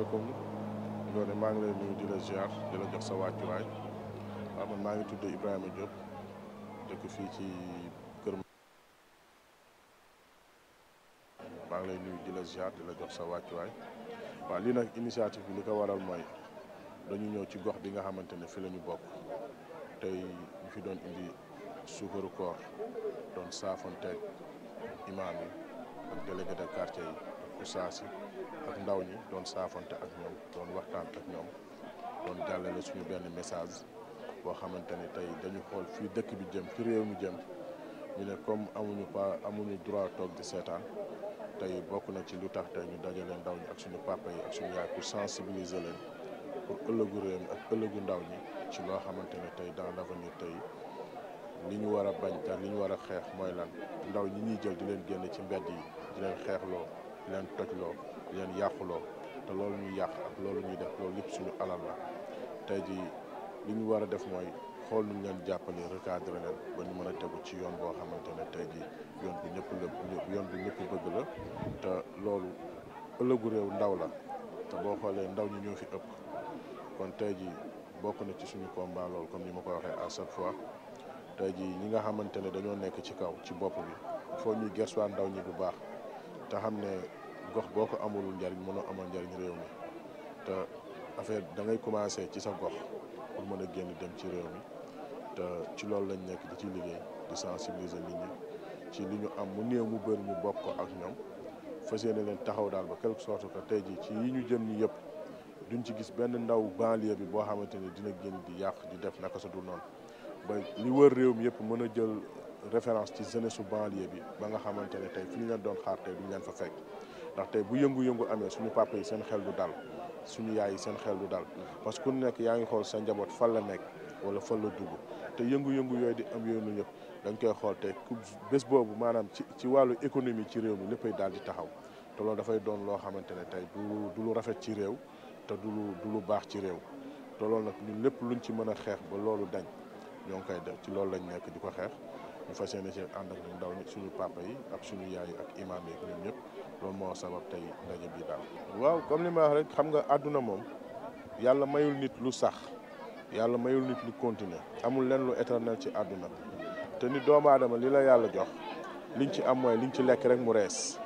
asalaamaaleykum loolu maa ngi lay nuyu di la ziar di la jox sa wàccuwaay waaw man maa ngi tudd Ibrahima Diop dëkk fii ci kër ngi lay nuyu di la di la jox sa wàccuwaay waaw lii nag initiative bi li ko waral mooy dañu ñëw ci gox bi nga xamante ne fi la bokk tey ñu fi doon indi suukaru koor doon saafonteeg imaam yi ak délégué de quartier yi ak ustaas yi ak ndaw ñi doon saafante ak ñoom doon waxtaan ak ñoom doon jàllale suñu benn message boo xamante ne tey dañu xool fii dëkk bi jëm fi réew mi jëm ñu ne comme amuñu pas amuñu droit toog di seetaan tey bokk na ci lu tax tey ñu dajale ndaw ñi ak suñu papa yi ak suñu yaay pour sensibiliser leen pour ëllëgu réew mi ak ëllëgu ndaw ñi ci loo xamante ne tey dans l'avenir tey li ñu war a bañ te li ñu war a xeex mooy lan ndaw ñi ñuy jël di leen génn ci mbedd yi di leen xeexloo di leen tojloo di leen yàquloo te loolu ñuy yàq ak loolu ñuy def loolu lépp suñu alal la tey jii li ñu war a def mooy xool nu ñu leen jàppale recadré leen ba ñu mën a tegu ci yoon boo xamante ne tey jii yoon ñëpp la yoon bi ñëpp bëgg la te loolu ëllëgu réew ndaw la te boo xoolee ndaw ñi ñoo fi ëpp kon tey jii bokk na ci suñu combat loolu comme ni ma ko waxee à chaque fois tey jii ñi nga xamante ne dañoo nekk ci kaw ci bopp bi foo ñuy gestuwaat ndaw ñi bu baax te xam ne gox boo ko amul njariñ mënoo amal njariñ réew mi te affaire da ngay commencé ci sa gox pour mën a génn dem ci réew mi te ci loolu lañ nekk di ci liggéey di sensibiliser nit ñi ci li ñu am mu néew mu bëri ñu bokk ak ñoom fas yéene leen taxaw daal ba quelque sorte que tey jii ci yi ñu jëm ñi yëpp duñ ci gis benn ndaw banlieue bi boo xamante ne dina génn di yàq di def naka sa dul noonu ba li wër réew mi yëpp mën a jël référence ci jeunesse su banlieue bi ba nga xamante ne tey ñu leen doon xaar tey duñ leen fa fekk ndax tey bu yëngu-yëngu amee suñu papa yi seen xel du dal suñu yaay yi seen xel du dal parce que ku nekk yaa ngi xool sa njaboot fan la nekk wala fan la dugg te yëngu-yëngu yooyu di am yooyu nu ñëpp dañ koy xool tey bés boobu maanaam ci ci wàllu économie ci réew mi léppay daal di taxaw te loolu dafay doon loo xamante ne tey du du lu rafet ci réew te du lu du lu baax ci réew te loolu nag ñun lépp luñ ci mën a xeex ba loolu dañ ñoo ngi def ci loolu lañu nekk di ko xeex ñu fas yéene ci ànd ak ndaw ñi suñu papa yi ak suñu yaay yi ak imaam yi ñun ñëpp moo sabab tey ndaje waaw comme li ma wax rek xam nga àdduna moom yàlla mayul nit lu sax yàlla mayul nit lu continuer amul leen lu éternel ci àdduna te ni doomu aadama li la yàlla jox liñ ci am mooy liñ ci lekk rek mu rees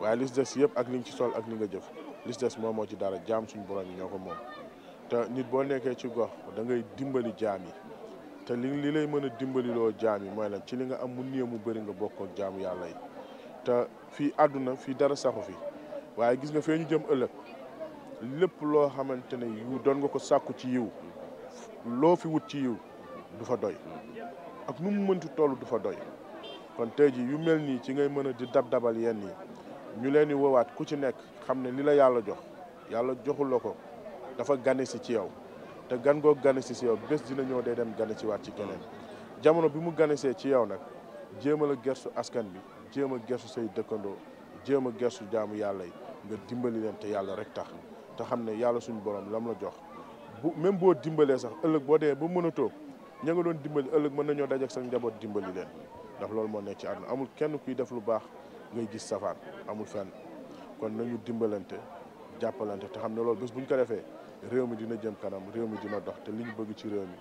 waaye li ci des yëpp ak liñ ci sol ak li nga jëf li ci des moom moo ci dara jaam suñu borom yi ñoo ko moom te nit boo nekkee ci gox da ngay dimbali jaam yi. te lii li lay mën a dimbaliloo jaam yi mooy lan ci li nga am mu néew mu bëri nga bokk ak jaamu yàlla yi te fii àdduna fii dara saxu fi waaye gis nga fee ñu jëm ëllëg lépp loo xamante ne yu doon nga ko sàkku ci yiw loo fi wut ci yiw du fa doy ak nu mu mënti toll du fa doy kon tey ji yu mel nii ci ngay mën a di dab-dabal yenn yi ñu leen di woowaat ku ci nekk xam ne lii la yàlla jox yàlla joxul la ko dafa gane si ci yow te gan goo gane si si yow bés dina ñëw day dem gane si waat ci keneen jamono bi mu ganesee ci yow nag jéem a gersu askan bi jéem a gersu say dëkkandoo jéem a gersu jaamu yàlla yi nga dimbali leen te yàlla rek tax te xam ne yàlla suñu la mu la jox bu même boo dimbalee sax ëllëg boo demee ba mënatoo ña nga doon dimbali ëllëg mën nañoo dajek sa njaboot dimbali leen ndax loolu moo nekk ci àdduna amul kenn kuy def lu baax ngay gis safaan amul fenn kon nañu dimbalante jàppalante te xam ne loolu bés buñ ko defee réew mi dina jëm kanam réew mi dina dox te li ñu bëgg ci réew mi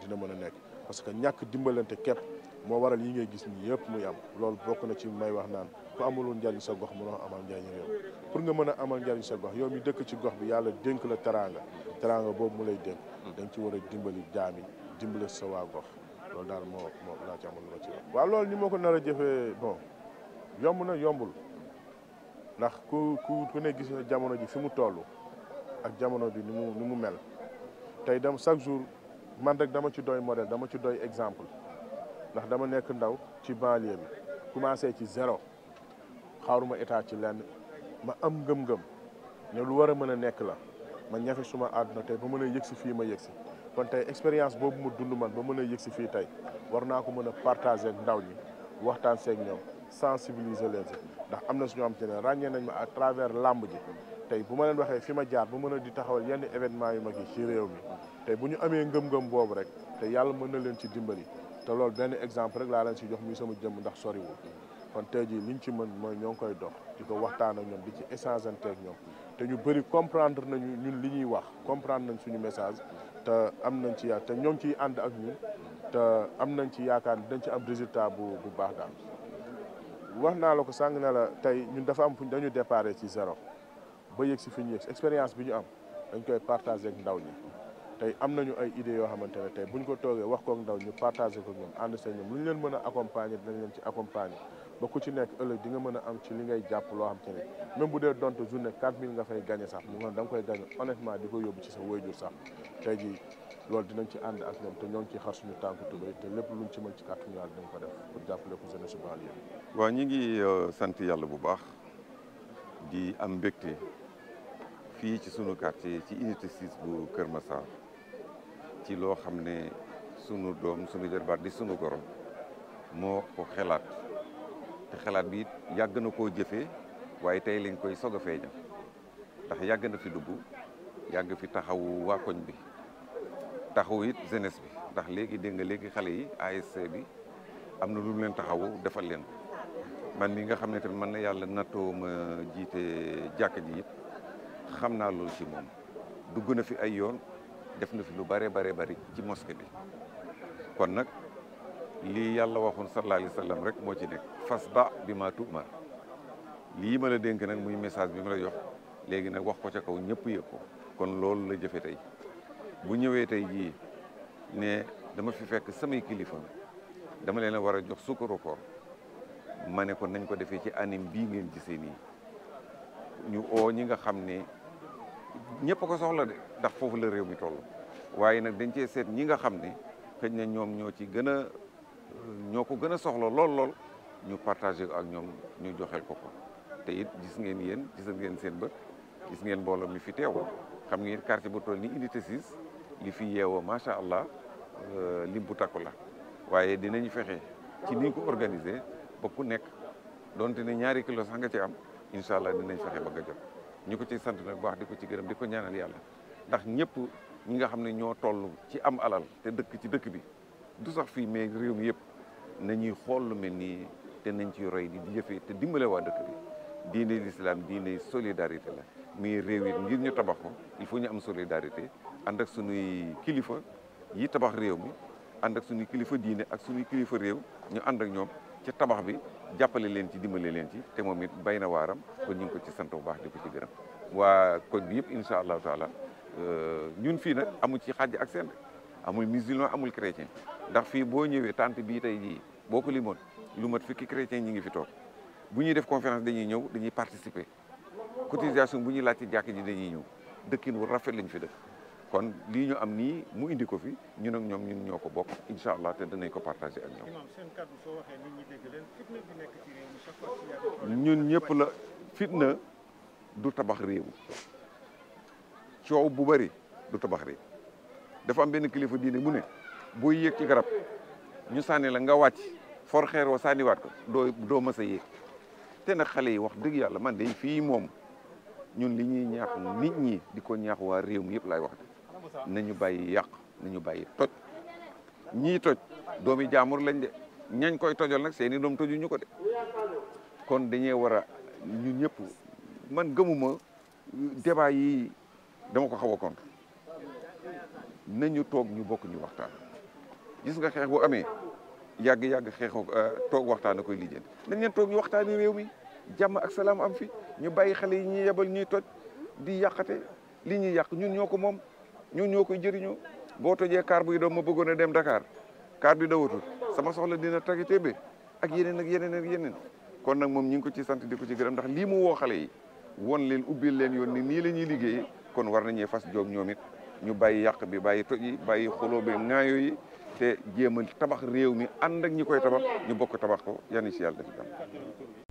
dina mën a nekk parce que ñàkk dimbalante képp moo waral yi ngay gis nii yëpp muy am loolu bokk na ci may wax naan ku amuloon njariñ sa gox mu amal njariñ réew pour nga mën a amal njariñ sa gox yow mi dëkk ci gox bi yàlla dénk la teraanga teraanga boobu mu lay dénk da ci war a dimbali jaam yi dimbali sa waa gox loolu daal moo moo laa ci amul ci wax waaw loolu ni moo ko nar a jëfee yomb na yombul ndax ku ku ku ne gis jamono ji fi mu toll ak jamono bi nu mu ni mu mel tey dem chaque jour man rek dama ci doy modèle dama ci doy exemple ndax dama nekk ndaw ci banlieue bi commencé ci zéro xaaruma état ci lenn ma am ngëm-ngëm ne lu war a mën a nekk la ma ñafe suma àdduna tey ba mën a yëg si fii ma yëg si kon tey expérience boobu mu dund man ba mën a yëg si fii tey war naa ko mën a partager ndaw ñi waxtaan seek ñoom sensibiliser leen si ndax am na si am te ne ràññee nañ ma à travers làmb ji tey bu ma leen waxee fi ma jaar ba mën a di taxawal yenn événement yu mag yi ci réew mi tey bu ñu amee ngëm-ngëm boobu rek te yàlla mën na leen ci dimbali te loolu benn exemple rek laa leen ci jox muy sama jëmm ndax soriwul kon tey jii liñ ci mën mooy ñoo ngi koy dox di ko waxtaan ak ñoom bi ci échange ak ñoom te ñu bëri comprendre nañu ñun li ñuy wax comprendre nañ suñu message te am nañ ci ya te ñoo ciy ànd ak ñu te am nañ ci yaakaar dañ ci am résultat bu bu baax daal wax naa la ko sàng ne tey ñun dafa am fuñ dañu déparé ci zéro ba yëg si fi ñu yëg si expérience bi ñu am dañ koy partager ndaw ñi tey am nañu ay idées yoo xamante ne tey buñ ko toogee wax kook ndaw ñu partager ko ñoom ànd see ñu leen mën a accompagner dinañ leen ci accompagner ba ku ci nekk ëllëg di nga mën a am ci li ngay jàpp loo xam te ne même bu dee donte journée nga fay gagné sax mu nga da nga koy gagné honnêtement di ko yóbbu ci sa wayjur sax tey jii loolu dinañ ci ànd ak ñoom te ñoo ngi ciy xar suñu tànk tubay te lépp luñ ci mën ci kàttanu yàlla dinañ ko def pour jàppale ko jeunesse banlieue waaw ñi ngi euh, sant yàlla bu baax di am mbégte fii ci sunu quartier ci unité 6 bu Kër Massar ci loo xam ne sunu doom sunu jarbaat di sunu goro moo ko xelaat te xelaat bi yàgg na koo jëfe waaye tey lañ koy sog a feeña ndax yàgg na fi dugg yàgg fi taxawu waa koñ bi taxaw it jeunesse bi ndax léegi dégg nga léegi xale yi ASC bi am na lu mu leen taxawu defal leen man mi nga xam ne tamit man na yàlla nattoo ma jiite jàkk ji it xam naa loolu ci moom dugg na fi ay yoon def na fi lu bare bare bari ci mosquée bi kon nag lii yàlla waxoon sallallahu alayhi wa sallam rek moo ci nekk fas ba bi ma tuumar lii ma la dénk nag muy message bi ma la jox léegi nag wax ko ca kaw ñëpp yëg ko kon loolu la jëfe tey bu ñëwee tey jii ne dama fi fekk samay kilifa dama leen a war a jox sukkaru koor ma ne ko nañ ko defee ci anim bii ngeen gisee nii ñu oo ñi nga xam ne ñëpp a ko soxla de ndax foofu la réew mi toll waaye nag dañ cee seet ñi nga xam ne xëj na ñoom ñoo ci gën a ñoo ko gën a soxla lool lool ñu partagé ko ak ñoom ñu joxel ko ko te it gis ngeen yéen gis ngeen seen bët gis ngeen mboolom mi fi teew xam ngeen quartier bu toll ni unité 6 li fi yeewoo macha allah euh, lim bu takku la waaye dinañ fexe ci ni ñu ko organiser ba ku nekk donte ne ñaari kilo sax nga ci am. incha allah dinañ fexe ba nga jot ko ciy sant nag baax di ko ci gërëm di ko ñaanal yàlla ndax ñëpp ñi nga xam ne ñoo toll ci am alal te dëkk ci dëkk bi du sax fii mais réew mi yëpp ñuy xool lu nii te nañ ci roy di jëfee te dimbale waa dëkk bi diine lislaam diine solidarité la mais réew it ngir ñu tabax ko il faut ñu am solidarité ànd ak suñuy kilifa yi tabax réew mi ànd ak suñuy kilifa diine ak suñuy kilifa réew ñu ànd ak ñoom ci tabax bi jàppale leen ci dimbale leen ci te moom it bay na waaram kon ñu ngi ko ci sant bu baax di ko ci gërëm waa koñ bi yëpp incha allahu taala euh, ñun fii nag amul ci xàjj ak seen amul musulman amul chrétien ndax fii boo ñëwee tante bii tey jii boo ko limoon lu mat fukki chrétien ñi ngi fi toog bu ñuy def conférence dañuy ñëw dañuy participer cotisation bu ñuy laaj ci jàkk ji dañuy ñëw dëkkin wu rafet lañ fi dëkk kon lii ñu am nii mu indi ko fi ñun ak ñoom ñun ñoo ko bokk incha allah te danañ ko partagé ak ñoom. imam seen ñun ñëpp la fitna du tabax réew coow bu bëri du tabax réew dafa am benn kilifa diine mu ne boo yéeg ci garab ñu sànni la nga wàcc for xeer wa sànniwaat ko doo doo mës a yéeg te nag xale yi wax dëgg yàlla man de fii moom ñun li ñuy ñaax nit ñi di ko ñaax waa réew mi yëpp laay wax na nañu bàyyi yàq nañu bàyyi toj ñii toj doomi jaamur lañ de ñañ koy tojal nag seeni doom toju ñu ko de kon dañee war a ñu ñëpp man gëmuma débat yi dama ko xaw a na ñu toog ñu bokk ñu waxtaan gis nga xeex bu amee yàgg-yàgg xeexoo euh, toog waxtaan a koy lijjanti nañ leen toog ñu waxtaani réew mi jàmm ak salaam am fi ñu bàyyi xale yi ñuy yebal ñuy toj di yàqate li ñuy yàq ñun ñoo ko moom ñu ñoo koy jëriñoo boo tojee car buy daw ma bëggoon a dem Dakar car bi dawatul sama soxla dina tagi tébe ak yeneen ak yeneen ak yeneen kon nag moom ñu ngi ko ci sant di ko ci gërëm ndax lii mu woo xale yi won leen ubbil leen yoon ni nii la ñuy liggéey kon war nañuy fas joog ñoom it ñu bàyyi yàq bi bàyyi toj yi bàyyi xuloo bi ŋaayo yi te jéemal tabax réew mi ànd ak ñi koy tabax ñu bokk tabax ko yal na ci yàlla def